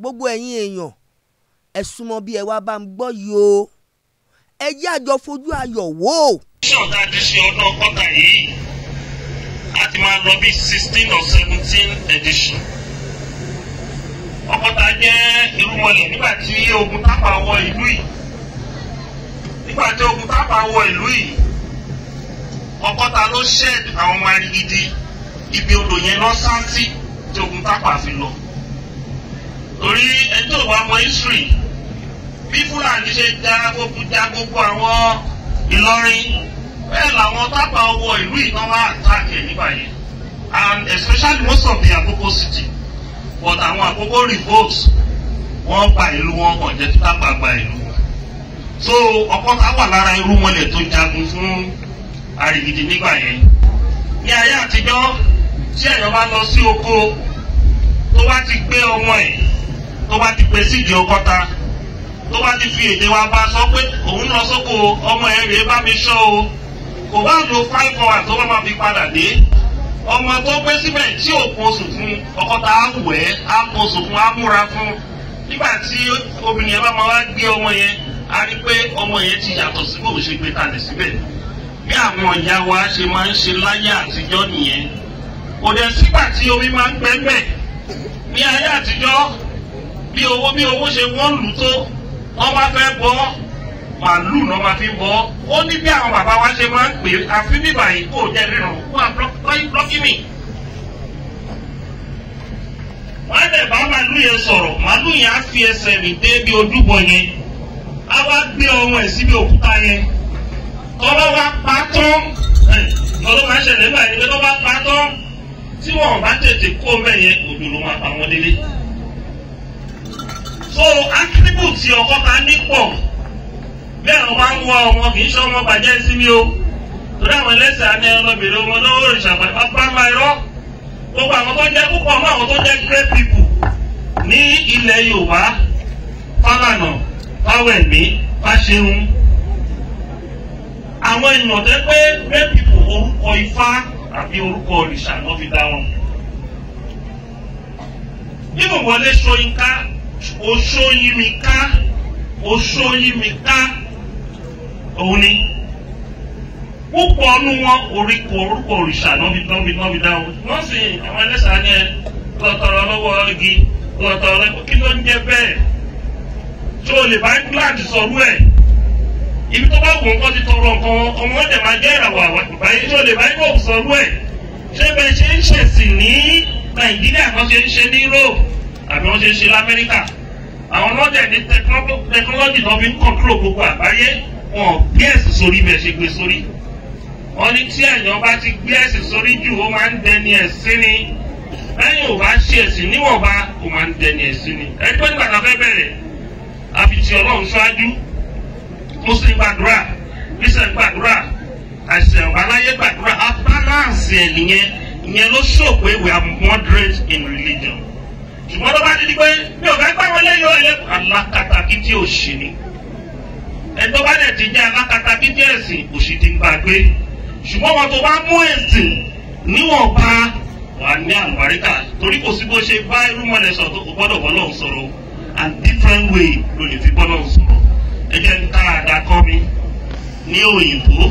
gbogbo ẹ̀yin èèyàn ẹ súnmọ́ bí ẹ wá bá ń gbọ́ yìí o ẹ àjọ fojú ayọ̀ wò. ṣọ́ọ̀ tá a ti ṣe ọdún ọgọ́ta yìí a ti máa lọ bí sixteen or seventeen edition ọgọ́ta jẹ́ irúmọlẹ̀ nígbà tí ogun tápà wọ ìlú yìí nígbà tí ogun tápà wọ ìlú yìí ọgọ́ta ló ṣẹ́ẹ̀dì àwọn ọmọ arigidi ibi odò yẹn lọ sáńtì tí ogun tápà fi lọ tí ò wá mọ history bí Fúlàní ṣe da gbogbo da gbogbo àwọn Ìlọrin bẹ́ẹ̀ làwọn tápà ọwọ́ ìlú ìtàn wá attack ẹ̀ nígbà yẹn and especially most of the Àkókò city but àwọn Àkókò revolt wọ́n gba ìlú wọn kàn jẹ́ kí tápà ìlú wọn so ọ̀pọ̀ tá wà lára irú wọn lè tó jagun fún Àrìgìdì nígbà yẹn ní ayé àtijọ́ tí ẹ̀yàn bá lọ sí oko tó bá ti gbé ọmọ ẹ̀ tó bá ti pèsè ìjọ kọta tó bá ti fi èdè wa bá sọ pé òun lọ sóko ọmọ ẹ rèé bá mi sọ o kò bá lo five hours tó bá máa fi padà dé ọmọ tó gbé síbẹ̀ tí ò kó oṣù fún ọkọta á wẹ̀ ẹ́ á kó oṣù fún á múra fún nígbà tí obìnrin yẹn bá máa wá gbé ọmọ yẹn a rí pé ọmọ yẹn ti yàtọ̀ sí bó ṣe gbé kalẹ̀ síbẹ̀ bí àwọn ìyá wa ṣe máa ń ṣe láyé àtijọ́ nìyẹn kò dẹ̀ sígbà tí omi máa ń gbẹ́gbẹ́ ní ayé àtijọ́ bí owó bí owó ṣe wọ́n lù tó wọ́n bá fẹ́ bọ́ màálù náà máa fi bọ́ ó ní bí àwọn bàbá wa ṣe máa ń pè àfi bíbà yìí kò jẹ́ ríran wọ́n á blọ́kì mi. wọ́n á dẹ̀ bá màálù yẹn sọ̀rọ̀ màálù yẹn á fi ẹsẹ̀ mi dé bí ojúbọ yẹn á wá gbé ọmọ ẹ̀ síbi òkúta yẹn tọ́lọ́ wa pa tán tọ́lọ́ máa ṣẹlẹ̀ nígbà yẹn tọ́lọ́ wa pa tán tí wọ́n bá tètè kó mẹ́yẹn òdòdó máa pa wọ́n délé tí ọkọ bá nípọ̀ bẹ́ẹ̀ wọ́n bá ń wọ ọmọ kì í ṣe ọmọ bàjẹ́ sí o torí àwọn ẹlẹ́sìn àná ẹlọ́bìnrin ọmọ náà ó rìn ṣàpàdé bá má irọ́ gbogbo àwọn tó jẹ́ púpọ̀ mọ́ àwọn tó jẹ́ great people ní ilẹ̀ Yorùbá Fálànà Fáwẹ̀mí Fáṣẹ̀hùn àwọn èèyàn tẹ́ pé great people orúkọ Ifá àbí orúkọ òrìṣà fi dá wọn. nínú Wọlé Ṣóyínká oṣó yí mi ká oṣó yí mi ká òun ni púpọ̀ ọ̀nù wọn orúkọ orúkọ òrìṣà náà fi náà dáhùn wọ́n sì àwọn ẹlẹ́sàá yẹn lọ́tọ̀ọ̀rọ̀ lọ́wọ́ igi lọ́tọ̀ọ̀rọ̀ kí ló ń jẹ́ bẹ́ẹ̀ tí o lè bá England sọ̀rọ̀ ẹ̀ ibi tó bá wù nǹkan ti tọrọ nǹkan ọmọ wọn dẹ̀ máa jẹ́ ìràwọ̀ àwọn ìbáyé tí o lè bá Europe sọ̀rọ̀ ẹ̀ ṣé bẹ́ẹ̀ ṣe ń ṣèṣì ní Nàìjíríà kan ṣe ń ṣe ní Europe àbí wọ́n ṣe ṣe lamẹ́ríkà àwọn ọlọ́jà ní tẹkinọ́lọ́jì tó fi ń kọ́ńtró gbogbo àgbáyé wọn gbé ẹ̀sìn sórí bẹ́ẹ̀ ṣe gbé sórí wọ́n ní tí ẹ̀yàn bá ti gbé ẹ̀sìn sórí jù ó máa ń dẹni ẹ̀sìn ni lẹ́yìn ò bá ṣe ẹ̀sìn níwọ̀nba ó máa ń dẹni ẹ̀sìn ni ẹgbẹ́ nígbà tá a fẹ́ bẹ̀rẹ̀ àfìtì ọlọ́run ṣáájú muslim gbàdúrà christian gbàdúrà àìsàn àbáláyé gbàdúrà a balance ẹ̀ nìyẹn ìyẹn ló ṣòpé we are moderate in religion ṣùgbọ́n tó bá ti di pé mi ò fẹ́ gbá wọn lẹ́yìn ọ̀lẹ́ alákatakí tí ò ṣì ni ẹgbẹ́ bá dẹ̀ ti jẹ́ alákatakí tí ẹ̀sìn kò sì ti gbà gbé ṣùgbọ́n wọn tó bá mú ẹ̀sìn níwọ̀nba wà ní àlùbáríkà torí kò sí bó ṣe bá irú mọ̀lẹ́ sọ̀rọ̀ tó kò gbọ́dọ̀ bọ́ lọ́hùn sọ̀rọ̀ and different way ló lè fi bọ́ lọ́hùn sọ̀rọ̀ ẹ jẹ́ ń ká àdá kọ́ mi ní òyìnbó